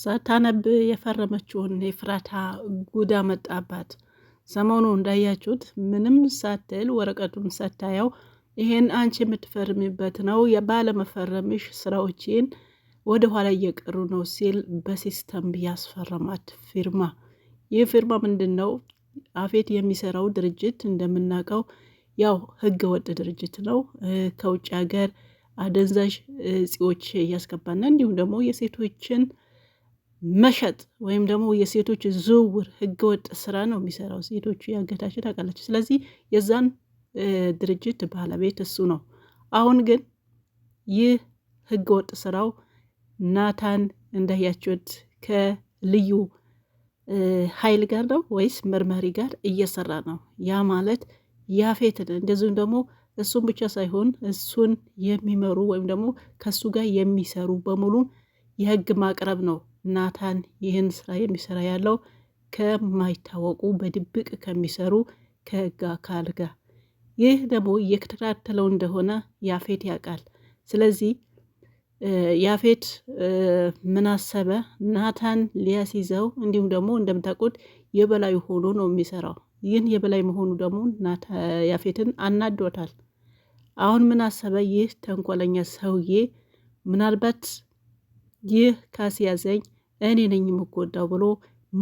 ሳታነብ የፈረመችውን የፍራታ ጉዳ መጣባት። ሰሞኑ እንዳያችሁት ምንም ሳትል ወረቀቱን ሳታየው ይሄን አንቺ የምትፈርሚበት ነው የባለመፈረምሽ ስራዎችን ወደኋላ እየቀሩ ነው ሲል በሲስተም ያስፈረማት ፊርማ። ይህ ፊርማ ምንድን ነው? አፌት የሚሰራው ድርጅት እንደምናውቀው ያው ህገ ወጥ ድርጅት ነው። ከውጭ ሀገር አደንዛዥ እጽዎች እያስገባና እንዲሁም ደግሞ የሴቶችን መሸጥ ወይም ደግሞ የሴቶች ዝውውር ህገወጥ ስራ ነው የሚሰራው። ሴቶቹ ያገታቸው ታውቃለች። ስለዚህ የዛን ድርጅት ባለቤት እሱ ነው። አሁን ግን ይህ ህገወጥ ስራው ናታን እንዳያችሁት ከልዩ ኃይል ጋር ነው ወይስ መርመሪ ጋር እየሰራ ነው? ያ ማለት ያፌትን እንደዚሁም ደግሞ እሱን ብቻ ሳይሆን እሱን የሚመሩ ወይም ደግሞ ከሱ ጋር የሚሰሩ በሙሉ የህግ ማቅረብ ነው ናታን ይህን ስራ የሚሰራ ያለው ከማይታወቁ በድብቅ ከሚሰሩ ከህግ አካል ጋር ይህ ደግሞ እየተከታተለው እንደሆነ ያፌት ያውቃል። ስለዚህ ያፌት ምን አሰበ? ናታን ሊያስይዘው እንዲሁም ደግሞ እንደምታውቁት የበላይ ሆኖ ነው የሚሰራው። ይህን የበላይ መሆኑ ደግሞ ያፌትን አናዶታል። አሁን ምን አሰበ? ይህ ተንኮለኛ ሰውዬ ምናልባት ይህ ካስያዘኝ እኔ ነኝ የምጎዳው ብሎ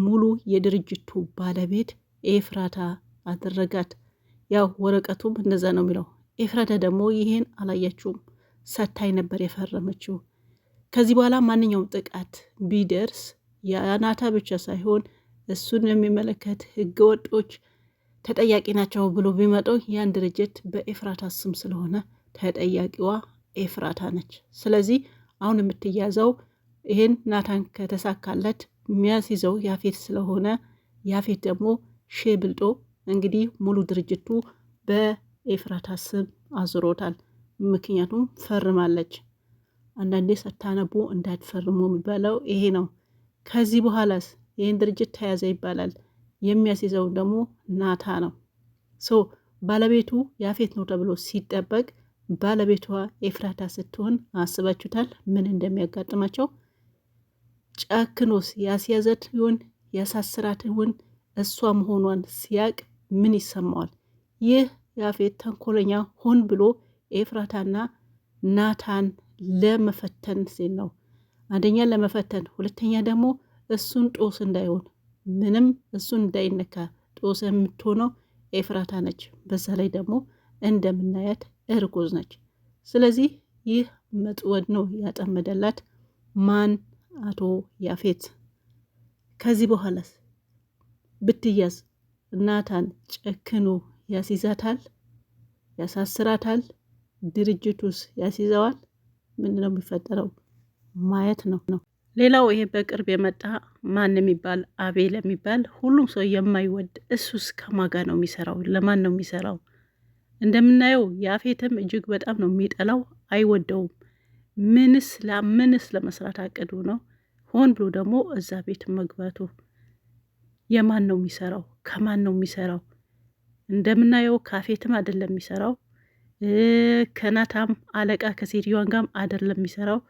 ሙሉ የድርጅቱ ባለቤት ኤፍራታ አደረጋት። ያው ወረቀቱም እንደዛ ነው የሚለው። ኤፍራታ ደግሞ ይሄን አላያችሁም፣ ሰታይ ነበር የፈረመችው። ከዚህ በኋላ ማንኛውም ጥቃት ቢደርስ የናታ ብቻ ሳይሆን እሱን የሚመለከት ህገወጦች ተጠያቂ ናቸው ብሎ ቢመጣው ያን ድርጅት በኤፍራታ ስም ስለሆነ ተጠያቂዋ ኤፍራታ ነች። ስለዚህ አሁን የምትያዘው ይህን ናታን ከተሳካለት የሚያስይዘው ያፌት ስለሆነ ያፌት ደግሞ ሼ ብልጦ እንግዲህ ሙሉ ድርጅቱ በኤፍራታ ስም አዙሮታል። ምክንያቱም ፈርማለች። አንዳንዴ ሳታነቡ እንዳትፈርሙ የሚባለው ይሄ ነው። ከዚህ በኋላስ ይህን ድርጅት ተያዘ ይባላል። የሚያስይዘው ደግሞ ናታ ነው። ሶ ባለቤቱ ያፌት ነው ተብሎ ሲጠበቅ ባለቤቷ ኤፍራታ ስትሆን አስባችሁታል ምን እንደሚያጋጥማቸው? ጨክኖስ ያስያዘት ይሆን ያሳስራት ይሆን? እሷ መሆኗን ሲያቅ ምን ይሰማዋል? ይህ ያፌት ተንኮለኛ ሆን ብሎ ኤፍራታና ናታን ለመፈተን ሲል ነው። አንደኛ ለመፈተን፣ ሁለተኛ ደግሞ እሱን ጦስ እንዳይሆን ምንም እሱን እንዳይነካ ጦስ የምትሆነው ኤፍራታ ነች። በዛ ላይ ደግሞ እንደምናያት እርጉዝ ነች። ስለዚህ ይህ መጥወድ ነው ያጠመደላት ማን አቶ ያፌት ከዚህ በኋላስ ብትያዝ ናታን ጨክኖ ያስይዛታል፣ ያሳስራታል፣ ድርጅቱስ ያስይዘዋል? ምንድን ነው የሚፈጠረው? ማየት ነው ነው። ሌላው ይሄ በቅርብ የመጣ ማን የሚባል አቤል የሚባል ሁሉም ሰው የማይወድ እሱስ ከማጋ ነው የሚሰራው? ለማን ነው የሚሰራው? እንደምናየው የአፌትም እጅግ በጣም ነው የሚጠላው፣ አይወደውም። ምንስ ለምንስ ለመስራት አቅዱ ነው? ሆን ብሎ ደግሞ እዛ ቤት መግባቱ የማን ነው የሚሰራው? ከማን ነው የሚሰራው? እንደምናየው ካፌትም አይደለም የሚሰራው ከናታም አለቃ ከሴትዮዋን ጋርም አይደለም የሚሰራው።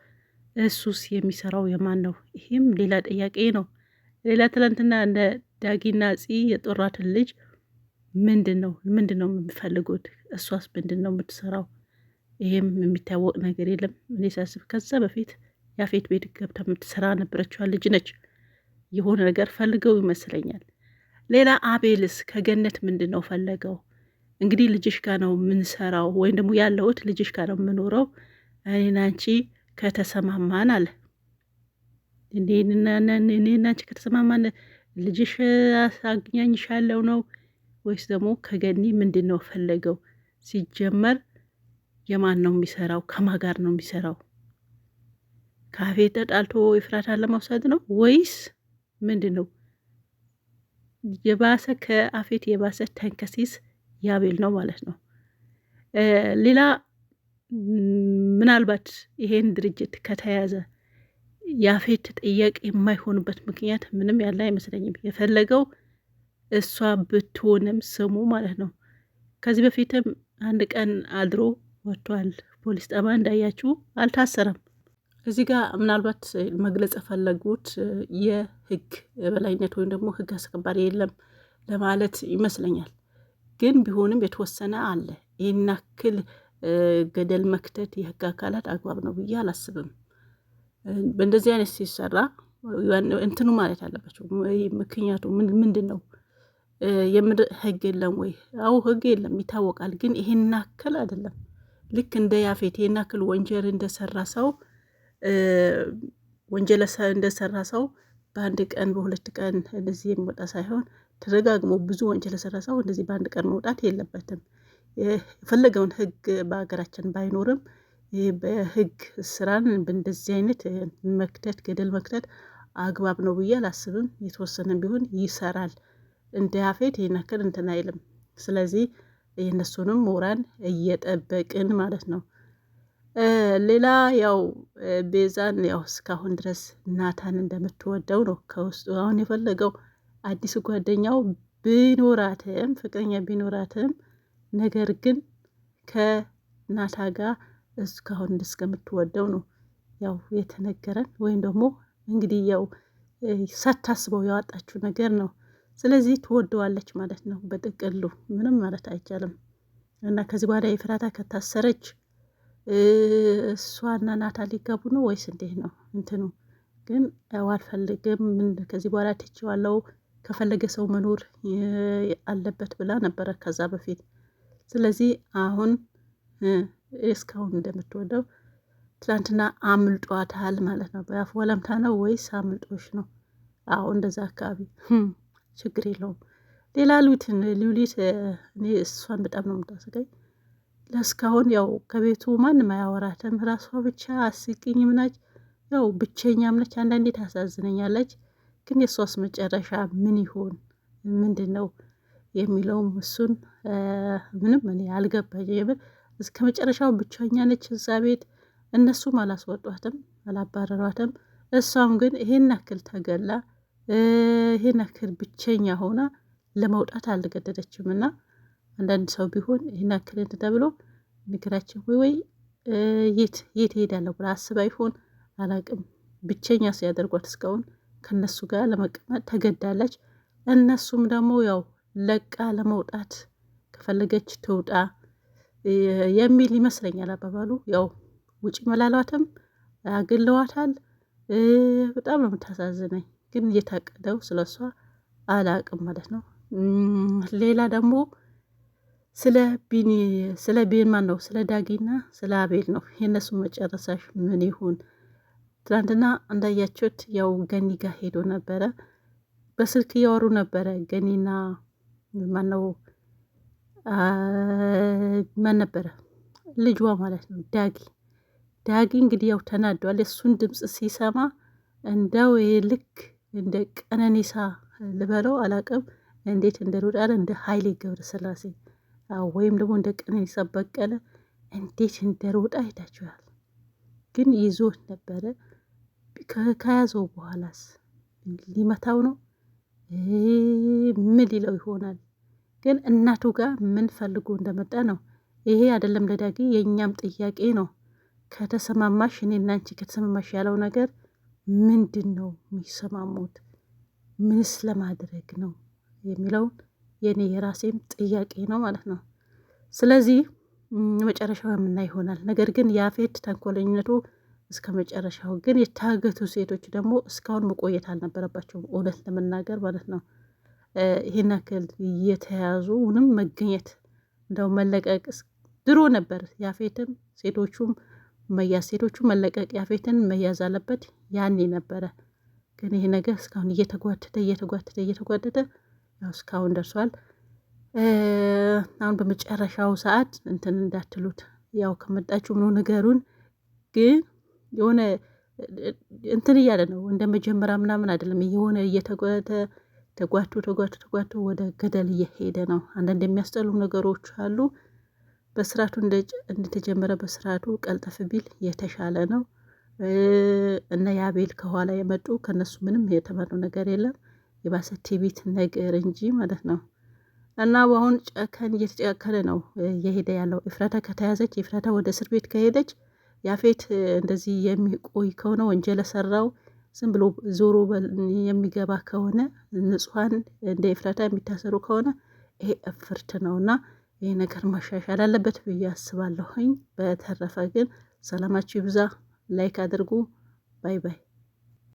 እሱስ የሚሰራው የማን ነው? ይህም ሌላ ጥያቄ ነው። ሌላ ትናንትና እንደ ዳጊና ፂ የጦራትን ልጅ ምንድን ነው ምንድን ነው የምፈልጉት? እሷስ ምንድን ነው የምትሰራው? ይሄም የሚታወቅ ነገር የለም። እኔ ሳስብ ከዛ በፊት ያፌት ቤት ገብታ የምትሰራ ነበረችዋን ልጅ ነች። የሆነ ነገር ፈልገው ይመስለኛል። ሌላ አቤልስ ከገነት ምንድን ነው ፈለገው? እንግዲህ ልጅሽ ጋ ነው የምንሰራው ወይም ደግሞ ያለሁት ልጅሽ ጋ ነው የምኖረው እኔና አንቺ ከተሰማማን አለ። እኔና አንቺ ከተሰማማን ልጅሽ አግኛኝሻለው ነው ወይስ ደግሞ ከገኒ ምንድን ነው ፈለገው ሲጀመር የማን ነው የሚሰራው? ከማ ጋር ነው የሚሰራው? ካፌ ተጣልቶ ኤፍራታን ለመውሰድ ነው ወይስ ምንድን ነው? የባሰ ከአፌት የባሰ ተንከሲስ ያቤል ነው ማለት ነው። ሌላ ምናልባት ይሄን ድርጅት ከተያዘ የአፌት ጥያቄ የማይሆንበት ምክንያት ምንም ያለ አይመስለኝም። የፈለገው እሷ ብትሆንም ስሙ ማለት ነው። ከዚህ በፊትም አንድ ቀን አድሮ ወጥቷል። ፖሊስ ጣባ እንዳያችሁ አልታሰረም። እዚህ ጋር ምናልባት መግለጽ የፈለጉት የህግ የበላይነት ወይም ደግሞ ህግ አስከባሪ የለም ለማለት ይመስለኛል። ግን ቢሆንም የተወሰነ አለ። ይህን ያክል ገደል መክተት የህግ አካላት አግባብ ነው ብዬ አላስብም። በእንደዚህ አይነት ሲሰራ እንትኑ ማለት አለባቸው። ምክንያቱ ምንድን ነው? የምድር ህግ የለም ወይ? አዎ ህግ የለም ይታወቃል። ግን ይህን ያክል አይደለም። ልክ እንደ ያፌት ይህን ወንጀል እንደሰራ ሰው ወንጀል እንደሰራ ሰው በአንድ ቀን በሁለት ቀን እንደዚህ የሚወጣ ሳይሆን ተደጋግሞ ብዙ ወንጀል የሰራ ሰው እንደዚህ በአንድ ቀን መውጣት የለበትም። የፈለገውን ህግ በሀገራችን ባይኖርም በህግ ስራን እንደዚህ አይነት መክተት ገደል መክተት አግባብ ነው ብዬ አላስብም። የተወሰነ ቢሆን ይሰራል። እንደ ያፌት ይናክል እንትን አይልም። ስለዚህ የእነሱንም ሞራል እየጠበቅን ማለት ነው። ሌላ ያው ቤዛን ያው እስካሁን ድረስ ናታን እንደምትወደው ነው ከውስጡ አሁን የፈለገው አዲስ ጓደኛው ቢኖራትም ፍቅረኛ ቢኖራትም ነገር ግን ከናታ ጋር እስካሁን እስከምትወደው ነው ያው የተነገረን ወይም ደግሞ እንግዲህ ያው ሳታስበው ያወጣችው ነገር ነው። ስለዚህ ትወደዋለች ማለት ነው። በጥቅሉ ምንም ማለት አይቻልም እና ከዚህ በኋላ የፍራታ ከታሰረች እሷና ናታ ሊጋቡ ነው ወይስ እንዴት ነው እንትኑ? ግን አልፈልግም፣ ምን ከዚህ በኋላ ትችዋለው፣ ከፈለገ ሰው መኖር አለበት ብላ ነበረ ከዛ በፊት። ስለዚህ አሁን እስካሁን እንደምትወደው ትላንትና አምልጧታል ማለት ነው። በአፍ ወለምታ ነው ወይስ አምልጦሽ ነው? አሁን እንደዛ አካባቢ ችግር የለውም። ሌላ ሉትን ሉሊት እኔ እሷን በጣም ነው የምታስቀኝ። ለእስካሁን ያው ከቤቱ ማንም አያወራትም። ራሷ ብቻ አስቂኝም ናች፣ ያው ብቸኛ ነች። አንዳንዴ ታሳዝነኛለች። ግን የእሷስ መጨረሻ ምን ይሆን ምንድን ነው የሚለውም እሱን ምንም እኔ አልገባኝም። የምር እስከ መጨረሻው ብቸኛ ነች እዛ ቤት። እነሱም አላስወጧትም፣ አላባረሯትም። እሷም ግን ይሄን ያክል ተገላ ይህን ያክል ብቸኛ ሆና ለመውጣት አልገደደችም። እና አንዳንድ ሰው ቢሆን ይህን ያክል ተብሎ ንግራችን ወይ ወይ የት የት ሄዳለሁ ብላ አስባ ይሆን አላቅም። ብቸኛ ሲያደርጓት እስካሁን ከነሱ ጋር ለመቀመጥ ተገዳለች። እነሱም ደግሞ ያው ለቃ ለመውጣት ከፈለገች ትውጣ የሚል ይመስለኛል አባባሉ። ያው ውጪ መላሏትም አግለዋታል። በጣም ነው የምታሳዝነኝ። ግን እየታቀደው ስለ እሷ አላቅም ማለት ነው። ሌላ ደግሞ ስለ ቢኒ ስለ ነው ስለ ዳጊና ስለ አቤል ነው። የእነሱ መጨረሻሽ ምን ይሁን? ትናንትና እንዳያችሁት ያው ገኒ ጋር ሄዶ ነበረ። በስልክ እያወሩ ነበረ ገኒና ማነው ማን ነበረ ልጇ ማለት ነው ዳጊ ዳጊ እንግዲህ ያው ተናዷል። የእሱን ድምፅ ሲሰማ እንደው ልክ እንደ ቀነኒሳ ልበለው አላቅም እንዴት እንደ እንደሮጣለ እንደ ኃይሌ ገብረስላሴ ወይም ደግሞ እንደ ቀነኒሳ በቀለ እንዴት እንደሮጣ አይታችኋል። ግን ይዞት ነበረ። ከያዘው በኋላስ ሊመታው ነው ምን ሊለው ይሆናል? ግን እናቱ ጋር ምን ፈልጎ እንደመጣ ነው። ይሄ አይደለም ለዳጊ የእኛም ጥያቄ ነው። ከተሰማማሽ እኔ እናንቺ ከተሰማማሽ ያለው ነገር ምንድን ነው የሚሰማሙት? ምንስ ለማድረግ ነው የሚለውን የኔ የራሴም ጥያቄ ነው ማለት ነው። ስለዚህ መጨረሻው የምናይ ይሆናል። ነገር ግን ያፌት ተንኮለኝነቱ እስከ መጨረሻው ግን የታገቱ ሴቶች ደግሞ እስካሁን መቆየት አልነበረባቸውም፣ እውነት ለመናገር ማለት ነው። ይህን ያክል ምንም መገኘት እንደው መለቀቅ ድሮ ነበር ያፌትም ሴቶቹም መያዝ ሴቶቹ መለቀቂያ ፌትን መያዝ አለበት። ያኔ ነበረ ግን ይሄ ነገር እስካሁን እየተጓተተ እየተጓተተ እየተጓተተ ያው እስካሁን ደርሷል። አሁን በመጨረሻው ሰዓት እንትን እንዳትሉት ያው ከመጣችሁ ነው ነገሩን ግን የሆነ እንትን እያለ ነው እንደ መጀመሪያ ምናምን አይደለም። የሆነ እየተጓተ ተጓቶ ተጓቶ ተጓቶ ወደ ገደል እየሄደ ነው። አንዳንድ የሚያስጠሉ ነገሮች አሉ። በስርዓቱ እንደተጀመረ በስርዓቱ ቀልጠፍ ቢል የተሻለ ነው እና የአቤል ከኋላ የመጡ ከነሱ ምንም የተማርነው ነገር የለም የባሰ ቲቪት ነገር እንጂ ማለት ነው። እና በአሁን ጨከን እየተጨካከለ ነው የሄደ ያለው። ኤፍራታ ከተያዘች ኤፍራታ ወደ እስር ቤት ከሄደች ያፌት እንደዚህ የሚቆይ ከሆነ ወንጀል ሰራው ዝም ብሎ ዞሮ የሚገባ ከሆነ ንጹሐን እንደ ኤፍራታ የሚታሰሩ ከሆነ ይሄ እፍርት ነው እና ይህ ነገር መሻሻል አለበት ብዬ አስባለሁኝ። በተረፈ ግን ሰላማችሁ ይብዛ። ላይክ አድርጉ። ባይ ባይ